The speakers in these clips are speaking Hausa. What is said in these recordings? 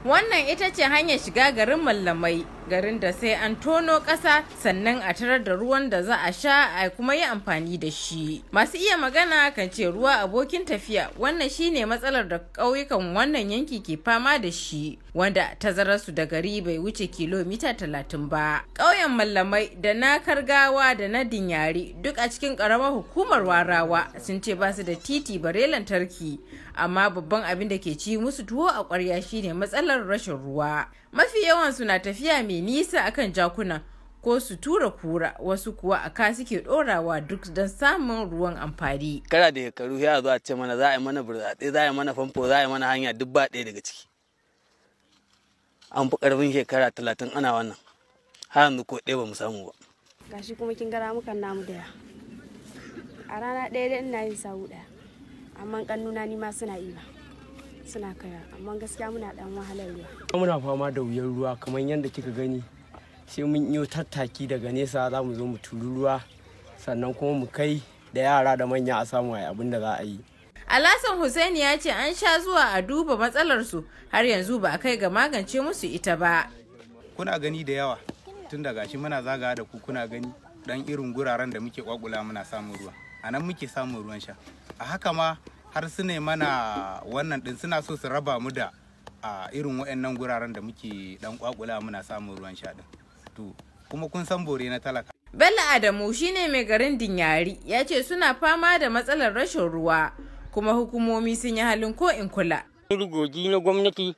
Wannan ita ce hanyar shiga garin mallamai. garin da sai an tono ƙasa sannan a tarar da ruwan da za a sha a kuma yi amfani da shi masu iya magana kan ce ruwa abokin tafiya wannan shine matsalar da ƙauyukan wannan yanki ke fama da shi wanda tazararsu da gari bai wuce kilomita talatin ba ƙauyen mallamai da na kargawa da na dinyari duk a cikin ƙaramar hukumar warawa sun ce ba su da titi bare lantarki amma babban abin da ke ci musu tuwo a ƙwarya shine matsalar rashin ruwa mafi yawan suna tafiya mai mai nisa akan jakuna ko su tura kura wasu kuwa a ka suke dorawa duk don samun ruwan amfani. Kana da shekaru ya zo a ce mana za a yi mana burzatse za a yi mana famfo za a yi mana hanya duk ba ɗaya daga ciki. An fi ƙarfin shekara talatin ana wannan har yanzu ko ɗaya ba mu samu ba. Gashi kuma kin gara mukan namu da a rana ɗaya da ina yin sawu ɗaya amma ƙannuna ni ma suna yi ba. suna kaya amma gaskiya muna dan wahalar ruwa muna fama da wuyan ruwa kamar yadda kika gani sai mun yi tattaki daga nesa za mu zo mu turu ruwa sannan kuma mu kai da yara da manya a samu ai abin da za a yi Alasan Hussaini ya ce an sha zuwa a duba matsalarsu har yanzu ba a kai ga magance musu ita ba. Kuna gani da yawa tun da gashi muna zaga da ku kuna gani dan irin guraren da muke kwakula muna samun ruwa. A muke samun ruwan sha. A haka ma har su ne mana wannan din suna so su raba mu da a irin wa'annan guraren da muke dan kwakula muna samun ruwan sha din to kuma kun san bore na talaka Bello Adamu shine mai garin Dinyari ya ce suna fama da matsalar rashin ruwa kuma hukumomi sun yi halin ko in kula. Rugogi na gwamnati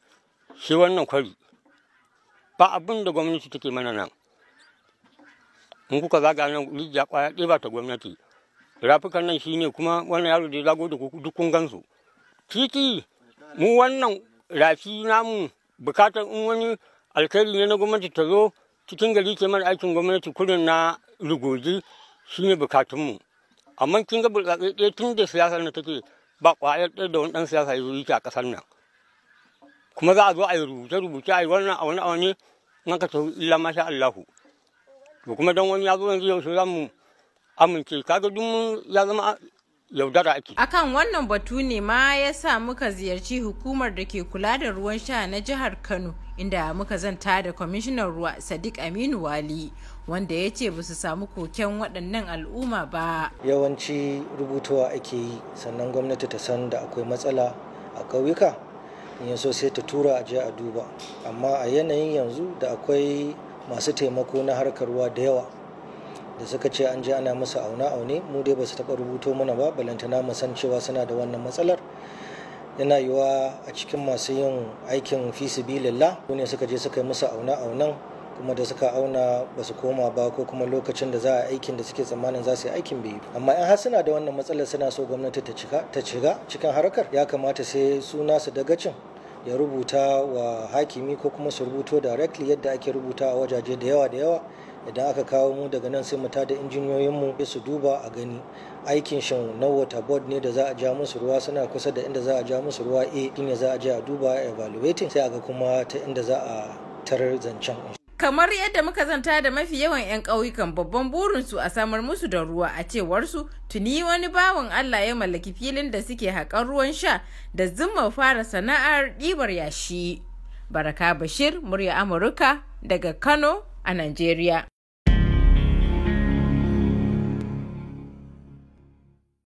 shi wannan kwari ba abin da gwamnati take mana nan. In kuka zaga nan rijiya kwaya ɗiba ta gwamnati rafukan nan shine kuma wannan yaro da ya zago da duk kun gansu titi mu wannan rafi namu bukatar in wani alkhairi ne na gwamnati ta zo cikin gari ke mana aikin gwamnati kurin na rugoji shine bukatunmu amma kin ga bulgaɗe ɗaya tun da siyasar na take ba ƙwayar ɗaya da wani ɗan siyasa ya zo yake a ƙasar nan kuma za a zo a yi rubuce-rubuce a yi wannan a wani a wani nan ka tafi illa masha Allahu to kuma don wani ya zo yanzu yaushe za mu amince kaga duk ya zama yaudara ake. Akan wannan batu ne ma ya sa muka ziyarci hukumar da ke kula da ruwan sha na jihar Kano inda muka zanta da kwamishinan ruwa Sadiq Aminu Wali wanda ya ce ba su samu koken waɗannan al'umma ba. Yawanci rubutuwa ake yi sannan gwamnati ta san da akwai matsala a ƙauyuka in so sai ta tura a je a duba amma a yanayin yanzu da akwai masu taimako na harkar ruwa da yawa da suka ce an je ana musu auna aune mu dai ba su taɓa rubuto mana ba balantana mu san cewa suna da wannan matsalar yana yiwa a cikin masu yin aikin fi lalla ko ne suka je suka yi musu auna aunan kuma da suka auna ba su koma ba ko kuma lokacin da za a aikin da suke tsammanin za su yi aikin bai amma in har suna da wannan matsalar suna so gwamnati ta cika ta shiga cikin harkar ya kamata sai su nasu dagacin ya rubuta wa hakimi ko kuma su rubuto directly yadda ake rubuta a wajaje da yawa da yawa idan aka kawo mu daga nan sai mu injiniyoyin mu su duba a gani aikin shan na water ne da za a ja musu ruwa suna kusa da inda za a ja musu ruwa a eh, shine za a je a duba evaluating sai a ga kuma ta inda za a tarar zancen kamar yadda muka zanta da mafi yawan 'yan ƙauyukan babban burinsu a samar musu da ruwa a cewarsu tuni wani bawan Allah ya mallaki filin da suke haƙar ruwan sha da zumma fara sana'ar ɗibar yashi. Baraka Bashir, murya Amurka daga Kano a nigeria.